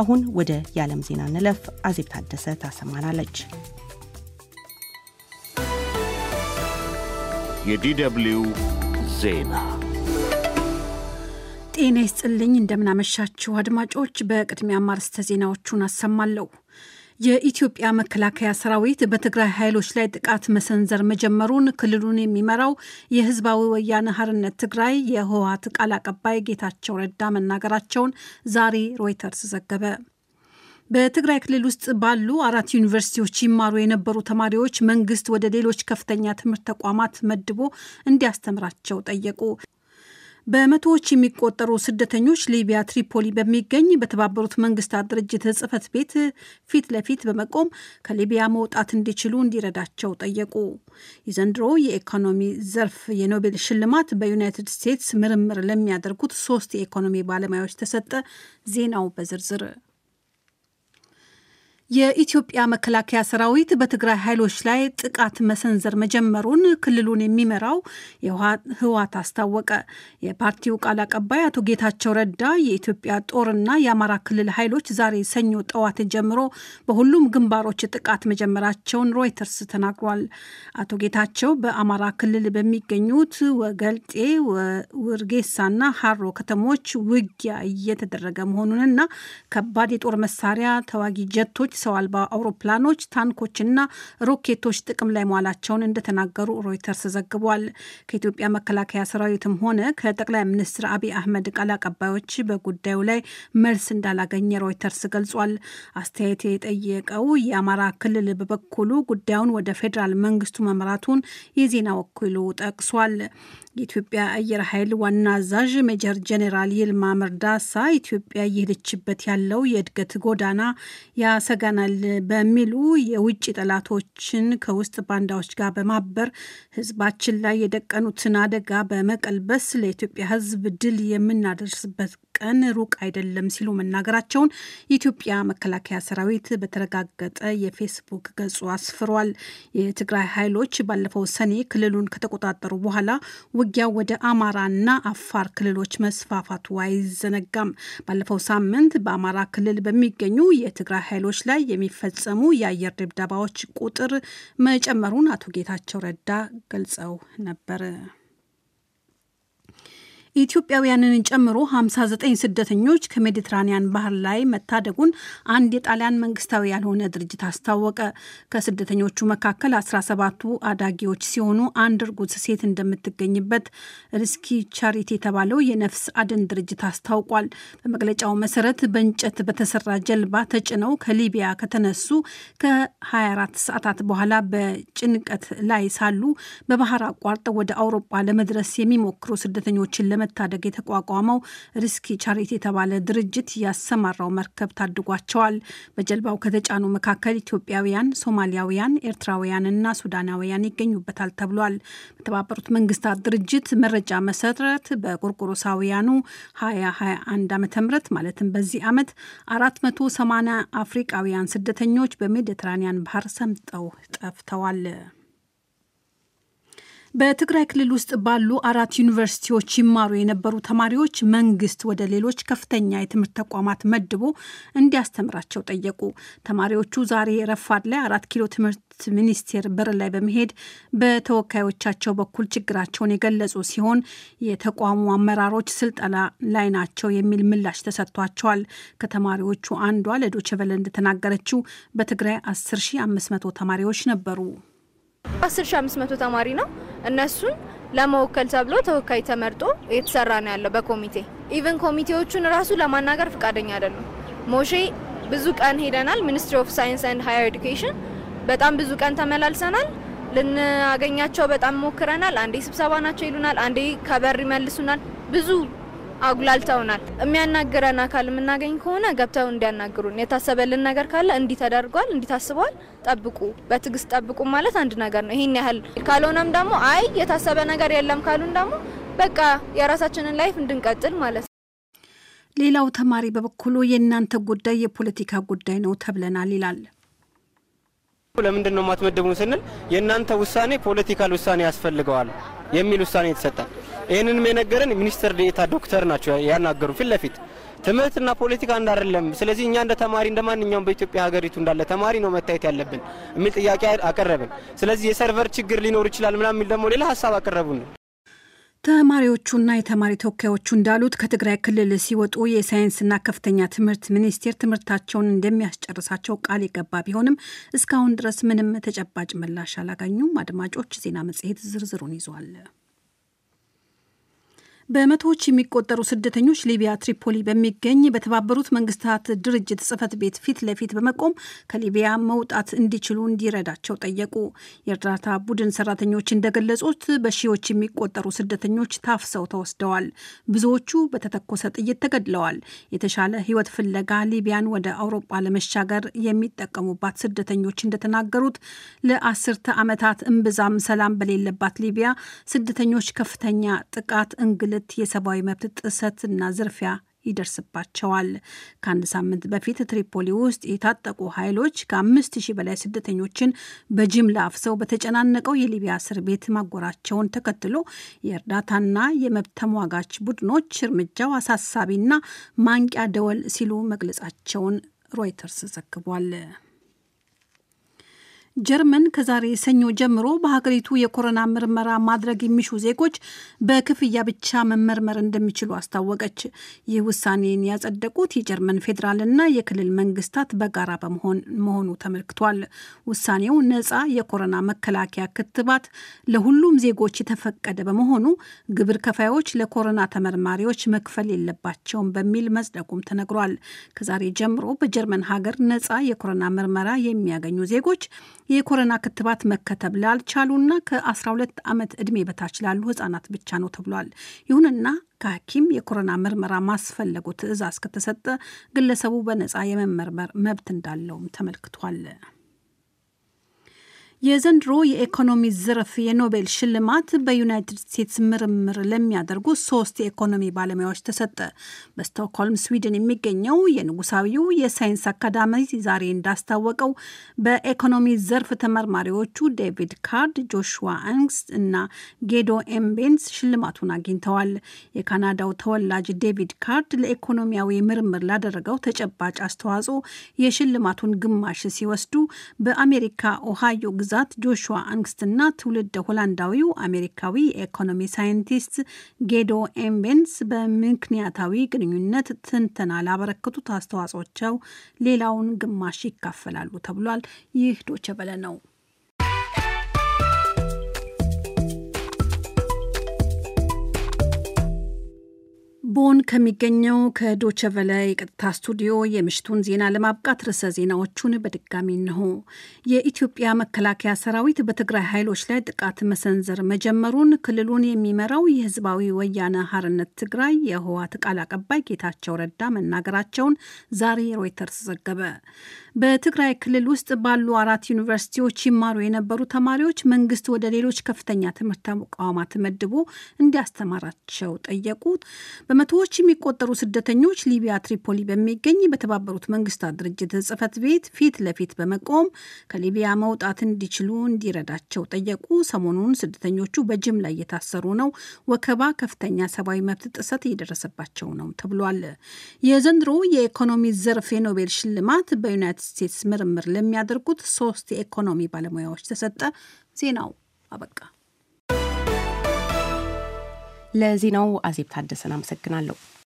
አሁን ወደ የዓለም ዜና እንለፍ። አዜብ ታደሰ ታሰማናለች። የዲደብሊው ዜና ጤና ይስጥልኝ። እንደምናመሻችው አድማጮች፣ በቅድሚያ ማርስተ ዜናዎቹን አሰማለሁ። የኢትዮጵያ መከላከያ ሰራዊት በትግራይ ኃይሎች ላይ ጥቃት መሰንዘር መጀመሩን ክልሉን የሚመራው የህዝባዊ ወያነ ሀርነት ትግራይ የህወሀት ቃል አቀባይ ጌታቸው ረዳ መናገራቸውን ዛሬ ሮይተርስ ዘገበ። በትግራይ ክልል ውስጥ ባሉ አራት ዩኒቨርሲቲዎች ይማሩ የነበሩ ተማሪዎች መንግስት ወደ ሌሎች ከፍተኛ ትምህርት ተቋማት መድቦ እንዲያስተምራቸው ጠየቁ። በመቶዎች የሚቆጠሩ ስደተኞች ሊቢያ ትሪፖሊ በሚገኝ በተባበሩት መንግስታት ድርጅት ጽህፈት ቤት ፊት ለፊት በመቆም ከሊቢያ መውጣት እንዲችሉ እንዲረዳቸው ጠየቁ። የዘንድሮ የኢኮኖሚ ዘርፍ የኖቤል ሽልማት በዩናይትድ ስቴትስ ምርምር ለሚያደርጉት ሶስት የኢኮኖሚ ባለሙያዎች ተሰጠ። ዜናው በዝርዝር የኢትዮጵያ መከላከያ ሰራዊት በትግራይ ኃይሎች ላይ ጥቃት መሰንዘር መጀመሩን ክልሉን የሚመራው ህወሓት አስታወቀ። የፓርቲው ቃል አቀባይ አቶ ጌታቸው ረዳ የኢትዮጵያ ጦርና የአማራ ክልል ኃይሎች ዛሬ ሰኞ ጠዋት ጀምሮ በሁሉም ግንባሮች ጥቃት መጀመራቸውን ሮይተርስ ተናግሯል። አቶ ጌታቸው በአማራ ክልል በሚገኙት ወገልጤ፣ ውርጌሳና ሀሮ ከተሞች ውጊያ እየተደረገ መሆኑንና ከባድ የጦር መሳሪያ ተዋጊ ጀቶች ሰው አልባ አውሮፕላኖች፣ ታንኮችና ሮኬቶች ጥቅም ላይ መዋላቸውን እንደተናገሩ ሮይተርስ ዘግቧል። ከኢትዮጵያ መከላከያ ሰራዊትም ሆነ ከጠቅላይ ሚኒስትር አብይ አህመድ ቃል አቀባዮች በጉዳዩ ላይ መልስ እንዳላገኘ ሮይተርስ ገልጿል። አስተያየት የጠየቀው የአማራ ክልል በበኩሉ ጉዳዩን ወደ ፌዴራል መንግስቱ መምራቱን የዜና ወኪሉ ጠቅሷል። የኢትዮጵያ አየር ኃይል ዋና አዛዥ ሜጀር ጄኔራል ይልማ መርዳሳ ኢትዮጵያ እየሄደችበት ያለው የእድገት ጎዳና ያሰጋናል በሚሉ የውጭ ጠላቶችን ከውስጥ ባንዳዎች ጋር በማበር ሕዝባችን ላይ የደቀኑትን አደጋ በመቀልበስ ለኢትዮጵያ ሕዝብ ድል የምናደርስበት ቀን ሩቅ አይደለም ሲሉ መናገራቸውን የኢትዮጵያ መከላከያ ሰራዊት በተረጋገጠ የፌስቡክ ገጹ አስፍሯል። የትግራይ ኃይሎች ባለፈው ሰኔ ክልሉን ከተቆጣጠሩ በኋላ ውጊያው ወደ አማራና አፋር ክልሎች መስፋፋቱ አይዘነጋም። ባለፈው ሳምንት በአማራ ክልል በሚገኙ የትግራይ ኃይሎች ላይ የሚፈጸሙ የአየር ድብደባዎች ቁጥር መጨመሩን አቶ ጌታቸው ረዳ ገልጸው ነበር። ኢትዮጵያውያንን ጨምሮ 59 ስደተኞች ከሜዲትራኒያን ባህር ላይ መታደጉን አንድ የጣሊያን መንግስታዊ ያልሆነ ድርጅት አስታወቀ። ከስደተኞቹ መካከል 17ቱ አዳጊዎች ሲሆኑ አንድ እርጉዝ ሴት እንደምትገኝበት ሪስኪ ቻሪቲ የተባለው የነፍስ አድን ድርጅት አስታውቋል። በመግለጫው መሰረት በእንጨት በተሰራ ጀልባ ተጭነው ከሊቢያ ከተነሱ ከ24 ሰዓታት በኋላ በጭንቀት ላይ ሳሉ በባህር አቋርጠው ወደ አውሮፓ ለመድረስ የሚሞክሩ ስደተኞችን ለመታደግ የተቋቋመው ሪስኪ ቻሪት የተባለ ድርጅት ያሰማራው መርከብ ታድጓቸዋል። በጀልባው ከተጫኑ መካከል ኢትዮጵያውያን፣ ሶማሊያውያን፣ ኤርትራውያን እና ሱዳናውያን ይገኙበታል ተብሏል። በተባበሩት መንግስታት ድርጅት መረጃ መሰረት በቆርቆሮሳውያኑ 2021 ም ማለትም በዚህ ዓመት 480 አፍሪቃውያን ስደተኞች በሜዲትራኒያን ባህር ሰምጠው ጠፍተዋል። በትግራይ ክልል ውስጥ ባሉ አራት ዩኒቨርሲቲዎች ይማሩ የነበሩ ተማሪዎች መንግስት ወደ ሌሎች ከፍተኛ የትምህርት ተቋማት መድቦ እንዲያስተምራቸው ጠየቁ። ተማሪዎቹ ዛሬ ረፋድ ላይ አራት ኪሎ ትምህርት ሚኒስቴር በር ላይ በመሄድ በተወካዮቻቸው በኩል ችግራቸውን የገለጹ ሲሆን የተቋሙ አመራሮች ስልጠና ላይ ናቸው የሚል ምላሽ ተሰጥቷቸዋል። ከተማሪዎቹ አንዷ ለዶችቨለ እንደተናገረችው በትግራይ 10500 ተማሪዎች ነበሩ። አስር ሺ አምስት መቶ ተማሪ ነው። እነሱን ለመወከል ተብሎ ተወካይ ተመርጦ የተሰራ ነው ያለው በኮሚቴ ኢቨን ኮሚቴዎቹን ራሱ ለማናገር ፈቃደኛ አይደሉም። ሞሼ ብዙ ቀን ሄደናል። ሚኒስትሪ ኦፍ ሳይንስ ኤንድ ሃየር ኤዱኬሽን በጣም ብዙ ቀን ተመላልሰናል። ልናገኛቸው በጣም ሞክረናል። አንዴ ስብሰባ ናቸው ይሉናል፣ አንዴ ከበር ይመልሱናል። ብዙ አጉላልተውናል። የሚያናግረን አካል የምናገኝ ከሆነ ገብተው እንዲያናግሩን፣ የታሰበልን ነገር ካለ እንዲህ ተደርጓል፣ እንዲህ ታስቧል፣ ጠብቁ፣ በትዕግስት ጠብቁ ማለት አንድ ነገር ነው። ይህን ያህል ካልሆነም ደግሞ አይ የታሰበ ነገር የለም ካሉን ደግሞ በቃ የራሳችንን ላይፍ እንድንቀጥል ማለት ነው። ሌላው ተማሪ በበኩሉ የእናንተ ጉዳይ የፖለቲካ ጉዳይ ነው ተብለናል ይላል። ለምንድን ነው የማትመድቡን ስንል የእናንተ ውሳኔ ፖለቲካል ውሳኔ ያስፈልገዋል የሚል ውሳኔ የተሰጠ ይህንንም የነገረን ሚኒስትር ዴኤታ ዶክተር ናቸው ያናገሩ ፊት ለፊት ትምህርትና ፖለቲካ እንዳደለም። ስለዚህ እኛ እንደ ተማሪ እንደ ማንኛውም በኢትዮጵያ ሀገሪቱ እንዳለ ተማሪ ነው መታየት ያለብን የሚል ጥያቄ አቀረብን። ስለዚህ የሰርቨር ችግር ሊኖር ይችላል ምናምን የሚል ደግሞ ሌላ ሀሳብ አቀረቡን። ተማሪዎቹና የተማሪ ተወካዮቹ እንዳሉት ከትግራይ ክልል ሲወጡ የሳይንስና ከፍተኛ ትምህርት ሚኒስቴር ትምህርታቸውን እንደሚያስጨርሳቸው ቃል የገባ ቢሆንም እስካሁን ድረስ ምንም ተጨባጭ ምላሽ አላገኙም። አድማጮች፣ ዜና መጽሔት ዝርዝሩን ይዟል። በመቶዎች የሚቆጠሩ ስደተኞች ሊቢያ ትሪፖሊ በሚገኝ በተባበሩት መንግስታት ድርጅት ጽህፈት ቤት ፊት ለፊት በመቆም ከሊቢያ መውጣት እንዲችሉ እንዲረዳቸው ጠየቁ። የእርዳታ ቡድን ሰራተኞች እንደገለጹት በሺዎች የሚቆጠሩ ስደተኞች ታፍሰው ተወስደዋል። ብዙዎቹ በተተኮሰ ጥይት ተገድለዋል። የተሻለ ህይወት ፍለጋ ሊቢያን ወደ አውሮፓ ለመሻገር የሚጠቀሙባት ስደተኞች እንደተናገሩት ለአስርተ ዓመታት እምብዛም ሰላም በሌለባት ሊቢያ ስደተኞች ከፍተኛ ጥቃት፣ እንግልት ሁለት የሰብአዊ መብት ጥሰትና ዝርፊያ ይደርስባቸዋል። ከአንድ ሳምንት በፊት ትሪፖሊ ውስጥ የታጠቁ ኃይሎች ከአምስት ሺህ በላይ ስደተኞችን በጅምላ አፍሰው በተጨናነቀው የሊቢያ እስር ቤት ማጎራቸውን ተከትሎ የእርዳታና የመብት ተሟጋች ቡድኖች እርምጃው አሳሳቢና ማንቂያ ደወል ሲሉ መግለጻቸውን ሮይተርስ ዘግቧል። ጀርመን ከዛሬ ሰኞ ጀምሮ በሀገሪቱ የኮሮና ምርመራ ማድረግ የሚሹ ዜጎች በክፍያ ብቻ መመርመር እንደሚችሉ አስታወቀች። ይህ ውሳኔን ያጸደቁት የጀርመን ፌዴራልና የክልል መንግስታት በጋራ በመሆን መሆኑ ተመልክቷል። ውሳኔው ነፃ የኮሮና መከላከያ ክትባት ለሁሉም ዜጎች የተፈቀደ በመሆኑ ግብር ከፋዮች ለኮሮና ተመርማሪዎች መክፈል የለባቸውም በሚል መጽደቁም ተነግሯል። ከዛሬ ጀምሮ በጀርመን ሀገር ነፃ የኮሮና ምርመራ የሚያገኙ ዜጎች የኮሮና ክትባት መከተብ ላልቻሉና ከ12 ዓመት ዕድሜ በታች ላሉ ህጻናት ብቻ ነው ተብሏል። ይሁንና ከሐኪም የኮሮና ምርመራ ማስፈለጉ ትዕዛዝ ከተሰጠ ግለሰቡ በነፃ የመመርመር መብት እንዳለውም ተመልክቷል። የዘንድሮ የኢኮኖሚ ዘርፍ የኖቤል ሽልማት በዩናይትድ ስቴትስ ምርምር ለሚያደርጉ ሶስት የኢኮኖሚ ባለሙያዎች ተሰጠ። በስቶክሆልም ስዊድን የሚገኘው የንጉሳዊው የሳይንስ አካዳሚ ዛሬ እንዳስታወቀው በኢኮኖሚ ዘርፍ ተመርማሪዎቹ ዴቪድ ካርድ፣ ጆሹዋ አንግስት እና ጌዶ ኤምቤንስ ሽልማቱን አግኝተዋል። የካናዳው ተወላጅ ዴቪድ ካርድ ለኢኮኖሚያዊ ምርምር ላደረገው ተጨባጭ አስተዋጽኦ የሽልማቱን ግማሽ ሲወስዱ በአሜሪካ ኦሃዮ ግዛት ጆሹዋ አንግስትና ትውልድ ሆላንዳዊው አሜሪካዊ የኢኮኖሚ ሳይንቲስት ጌዶ ኤምቤንስ በምክንያታዊ ግንኙነት ትንተና ላበረከቱት አስተዋጽኦቸው ሌላውን ግማሽ ይካፈላሉ ተብሏል። ይህ ዶቸበለ በለ ነው። ቦን ከሚገኘው ከዶቸቨለ የቀጥታ ስቱዲዮ የምሽቱን ዜና ለማብቃት ርዕሰ ዜናዎቹን በድጋሚ እንሆ። የኢትዮጵያ መከላከያ ሰራዊት በትግራይ ኃይሎች ላይ ጥቃት መሰንዘር መጀመሩን ክልሉን የሚመራው የህዝባዊ ወያነ ሀርነት ትግራይ የህወሓት ቃል አቀባይ ጌታቸው ረዳ መናገራቸውን ዛሬ ሮይተርስ ዘገበ። በትግራይ ክልል ውስጥ ባሉ አራት ዩኒቨርሲቲዎች ይማሩ የነበሩ ተማሪዎች መንግስት ወደ ሌሎች ከፍተኛ ትምህርት ተቋማት መድቦ እንዲያስተማራቸው ጠየቁ። በመ በመቶዎች የሚቆጠሩ ስደተኞች ሊቢያ ትሪፖሊ በሚገኝ በተባበሩት መንግስታት ድርጅት ጽህፈት ቤት ፊት ለፊት በመቆም ከሊቢያ መውጣት እንዲችሉ እንዲረዳቸው ጠየቁ። ሰሞኑን ስደተኞቹ በጅምላ እየታሰሩ ነው፣ ወከባ፣ ከፍተኛ ሰብአዊ መብት ጥሰት እየደረሰባቸው ነው ተብሏል። የዘንድሮ የኢኮኖሚ ዘርፍ የኖቤል ሽልማት በዩናይትድ ስቴትስ ምርምር ለሚያደርጉት ሶስት የኢኮኖሚ ባለሙያዎች ተሰጠ። ዜናው አበቃ። ለዜናው አዜብ ታደሰን አመሰግናለሁ።